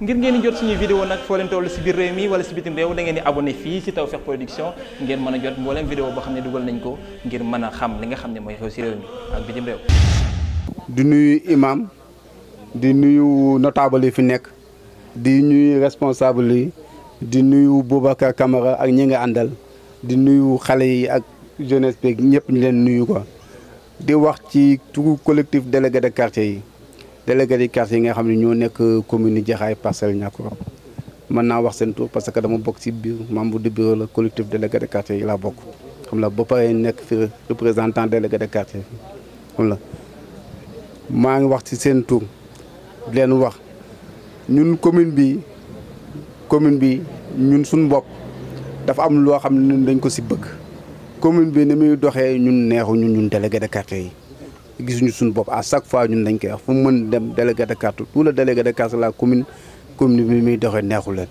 ngir ngeen di jot suñuy vidéo nag foo leen toll si biir réew mi wala si bitim réew da ngeen di abonné fii si Tawfekh Production ngeen mën a jot mbooleem vidéo boo xam ne dugal nañ ko ngir mën a xam li nga xam ne mooy xew si réew mi ak bitim réew di nuyu imam di nuyu notable yi fi nekk di nuyu responsable yi di nuyu Boubacar Camara ak ñi nga àndal di nuyu xale yi ak jeunesse beeg ñëpp ñu leen nuyu ko di wax ci tout collectif délégué de quartier yi délégué di quartier yi nga xam ne ñoo nekk commune Jaxaay Parcelles Niacoulrab mën naa wax seen tur parce que dama bokk ci biir membre du bureau la collectif délégué de quartier yi laa bokk xam la ba pare nekk fi représentant délégué de quartier xam la maa ngi wax ci seen tur di leen wax ñun commune bi commune bi ñun suñu bopp dafa am loo xam ne ñun dañ ko si bëgg commune bi ni muy doxee ñun neexuñu ñun ñun de quartier yi gisuñu suñu bopp à chaque fois ñun dañ koy wax fu mu mën dem délégué de carte tout le délégué de carte la commune commune bi muy doxee neexu leen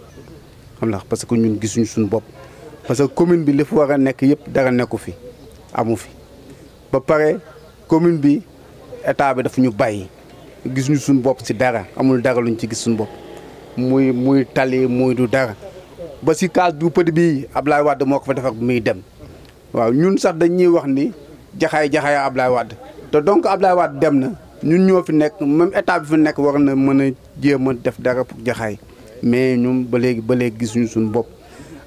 xam nga parce que ñun gisuñu suñu bopp parce que commune bi li fu war a nekk yëpp dara nekku fi amu fi ba pare commune bi état bi dafa ñu bàyyi gisuñu suñu bopp si dara amul dara luñ ci gis suñu bopp muy muy tali muy du dara ba si case bu pëd bii Ablaye Wade moo ko fa defar bi muy dem waaw ñun sax dañuy wax ni jaxaay jaxaay Ablaye Wade te donc Abdoulaye Wade dem na ñun ñoo fi nekk même état bi fi nekk war na mën a jéem a def dara pour jaxaay mais ñun ba léegi ba léegi gisuñu suñu bopp.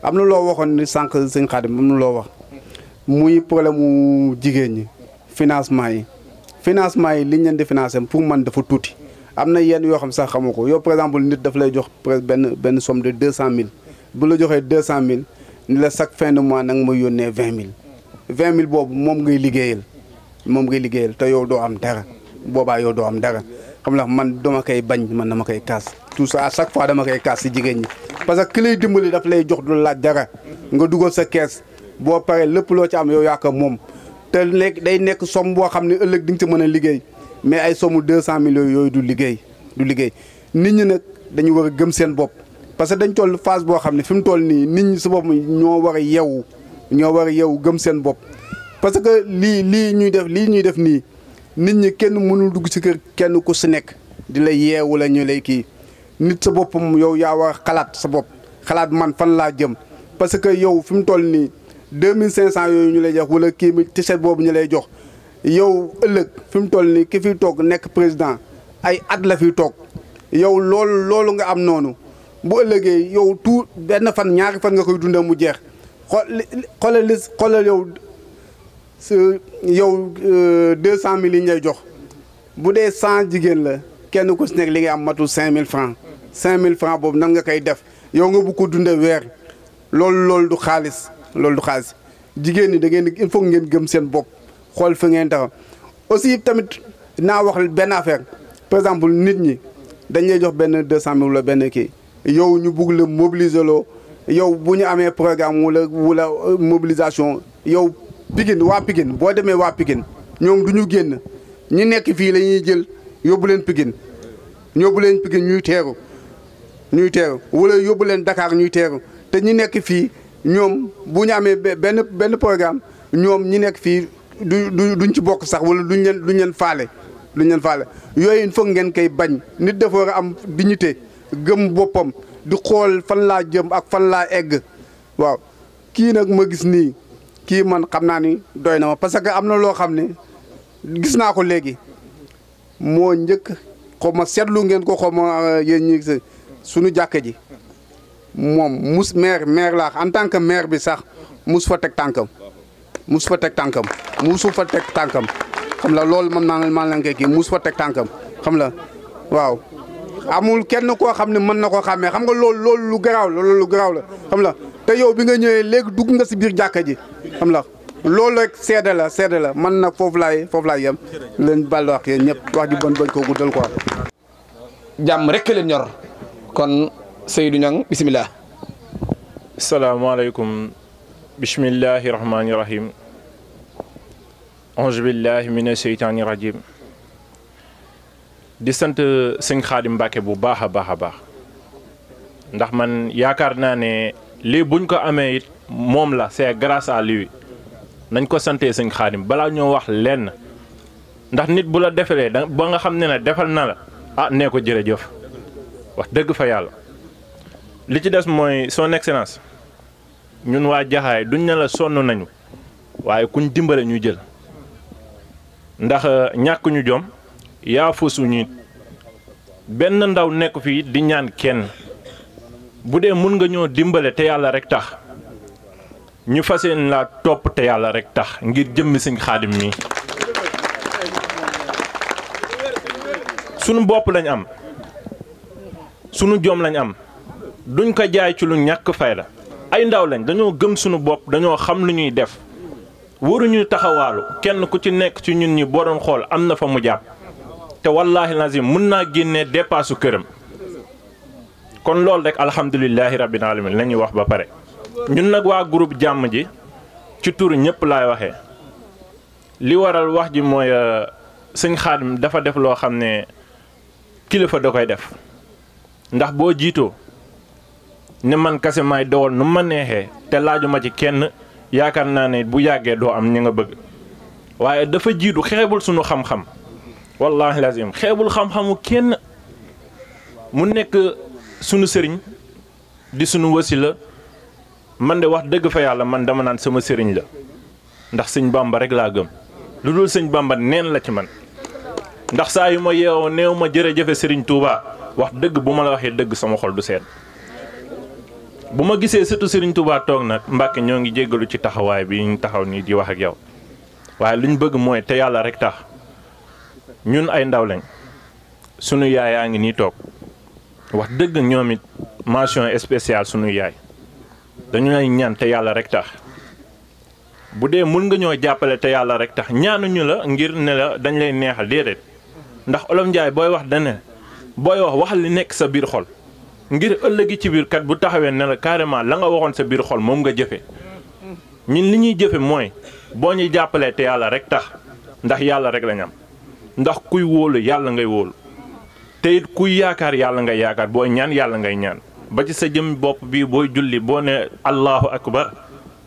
am na loo waxoon ni sànq sëñ Xaadim am na loo wax muy problème mu jigéen ñi financement yi financement yi liñ leen di financé pour man dafa tuuti. am na yenn yoo xam sax xamoo ko yow par exemple nit daf lay jox presque benn benn somme de deux cent mille bu la joxee deux cent mille ni la chaque fin de mois nag ma yónnee vingt mille vingt mille boobu moom ngay liggéeyal. moom ngay liggéeyal te yow doo am dara boobaa yow doo am dara xam nga man dama koy bañ man dama koy kaas tout ça à chaque fois dama koy kaas si jigéen ñi. parce que ki lay dimbali daf lay jox du laaj dara nga dugal sa kees boo paree lépp loo ci am yow yaa ko moom te léegi day nekk somme boo xam ne ëllëg di ci mën a liggéey mais ay somme deux cent millions yooyu du liggéey du liggéey nit ñi nag dañu war a gëm seen bopp. parce que dañ toll phase boo xam ne fi mu toll nii nit ñi si bopp ñoo war a ñoo war a yeewu gëm seen bopp. parce que lii lii ñuy def lii ñuy def nii nit ñi kenn mënul dugg ci kër kenn ku si nekk di la yeewu la ñu lay kii nit sa boppam yow yaa war xalaat sa bopp xalaat man fan laa jëm parce que yow fi mu toll nii deux mille cinq cent yooyu ñu lay jox wala kii mi tiset boobu ñu lay jox yow ëllëg fi mu toll nii ki fi toog nekk président ay at la fiy toog yow loolu loolu nga am noonu bu ëllëgee yow tout benn fan ñaari fan nga koy dundee mu jeex xool xoolal su yow euh, deux cent mille yi ñu jox bu dee cent jigéen la kenn ku si nekk li ngay am matul cinq mille francs cinq mille francs boobu nan nga koy def yow nga bu ko dundee weer loolu loolu du xaalis loolu du xaalis jigéen ñi da ngeen il faut ngeen gëm seen bopp xool fi ngeen taxaw aussi tamit naa wax benn affaire par exemple nit ñi dañ lay jox benn deux cent mille la benn kii yow ñu bugg la mobiliser loo yow bu ñu amee programme wula wala euh, mobilisation yow Pikine waa Pikine boo demee waa Pikine ñoom du ñu génn ñi nekk fii la ñuy jël yóbbu leen Pikine yóbbu leen Pikine ñuy teeru ñuy teeru wala yóbbu leen Dakar ñuy teeru te ñi nekk fii ñoom bu ñu amee benn benn programme ñoom ñi nekk fii du duñ ci bokk sax wala duñ leen duñ leen faale duñ leen faale yooyu il faut ngeen koy bañ nu dafa war a am dignité gëm boppam di xool fan laa jëm ak fan laa egg waaw kii nag ma gis nii kii man xam naa ni doy na ma parce que am na loo xam ne gis naa ko léegi moo njëkk xaw ma seetlu ngeen ko xaw ma euh, yéen ñi suñu ji moom mus maire maire laax en tant que maire bi sax mus fa teg tànkam mus fa teg tànkam musu teg tànkam xam la loolu moom naa man lan koy kii mus fa teg tànkam xam la waaw amul kenn koo xam ne mën na koo xam xàmmee xam nga lool lu garaaw la loolu lu garaaw la xam la te yow bi nga ñëwee léegi dugg nga si biir jàkka ji xam la lool rek seede la la man nag foofu laay foofu leen bal wax yéen ñëpp wax ji bon bañ koo guddal quoi. jàmm rek leen ñor kon Seydou Niang bisimilah. salaamaaleykum bisimilahi rahmaani rahim. auzu billahi mina seytaani di sant sëñ Xaadim bu baax a baax a baax. ndax man yaakaar naa ne lii buñ ko amee it moom la c'est grâce à nañ ko santee sëñ Xaadim balaa ñoo wax lenn ndax nit bu la defalee da ba nga xam ne ne defal na la ah nee ko jërëjëf wax dëgg fa yàlla li ci des mooy son excellence ñun waa jaxaay duñ ne la sonn nañu waaye kuñ dimbale ñu jël ndax euh, ñàkkuñu jom yaa fusu ñit benn ndaw nekk fii di ñaan kenn bu dee mën nga ñoo dimbale te yàlla rek tax ñu fas yéene laa topp te yàlla rek tax ngir jëmmi sëñ xaadim mi sunu bopp lañ am sunu jom lañ am duñ ko jaay ci lu ñàkk fay la ay ndaw lañ dañoo gëm sunu bopp dañoo xam lu ñuy def waruñu taxawaalu kenn ku ci nekk ci ñun ñi boo doon xool am na fa mu jàpp te wallaahi lazim mën naa génnee depaasu këram. kon loolu rek alhamdulilahi rabbil alamin la ñuy wax ba pare ñun nag waa groupe jàmm ji ci tur ñëpp laay waxe li waral wax ji mooy euh, sëñ Xaadim dafa def loo xam ne kilifa da koy def ndax boo jiitoo ne man kase maay dowal nu ma neexee te laajuma ci kenn yaakaar naa ne bu yàggee doo am ñi nga bëgg waaye dafa jiitu xeebul sunu xam-xam wallaahi lazim xeebul xam-xamu kenn mu nekk sunu sëriñ di sunu la man de wax dëgg fa yàlla man dama naan sama sëriñ la ndax sëñ bàmba rek laa gëm lu dul sëñ bàmba neen la ci man ndax saa yu ma yeewoo néew ma jërëjëfe sëriñ tuubaa wax dëgg bu ma la waxee dëgg sama xol du sedd bu ma gisee surtout sëriñ Touba toog nag Mbàkke ñoo ngi jéggalu ci taxawaay bi ñu taxaw nii di wax ak yow waaye li ñu bëgg mooy te yàlla rek tax ñun ay ndaw lañ sunu yaa ngi nii toog. wax dëgg ñoom it mention spéciale sunu yaay dañu lay ñaan te yàlla rek tax bu dee mun nga ñoo jàppale te yàlla rek tax ñaanuñu la ngir ne la dañ lay neexal déedéet ndax olof njaay booy wax dane booy wax wax li nekk sa biir xol ngir ëllëgi ci biir kat bu taxawee ne la carrément la nga waxoon sa biir xol moom nga jëfe ñun li ñuy jëfe mooy boo ñuy jàppalee te yàlla rek tax ndax yàlla rek lañ am ndax kuy wóolu yàlla ngay wóolu te it ku yaakaar yàlla nga yaakaar boo ñaan yàlla ngay ñaan ba ci sa jëm bopp bii booy julli boo ne allahu akbar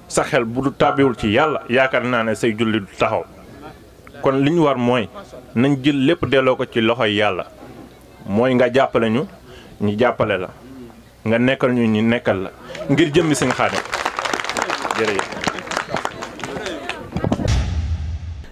sa xel bu tàbbiwul ci yàlla yaakaar naa ne say julli du taxaw kon li ñu war mooy nañ jël lépp delloo ko ci loxoy yàlla mooy nga jàppale ñu ñu jàppale la nga nekkal ñu ñu nekkal la ngir jëmmi si xaadim jërëjëf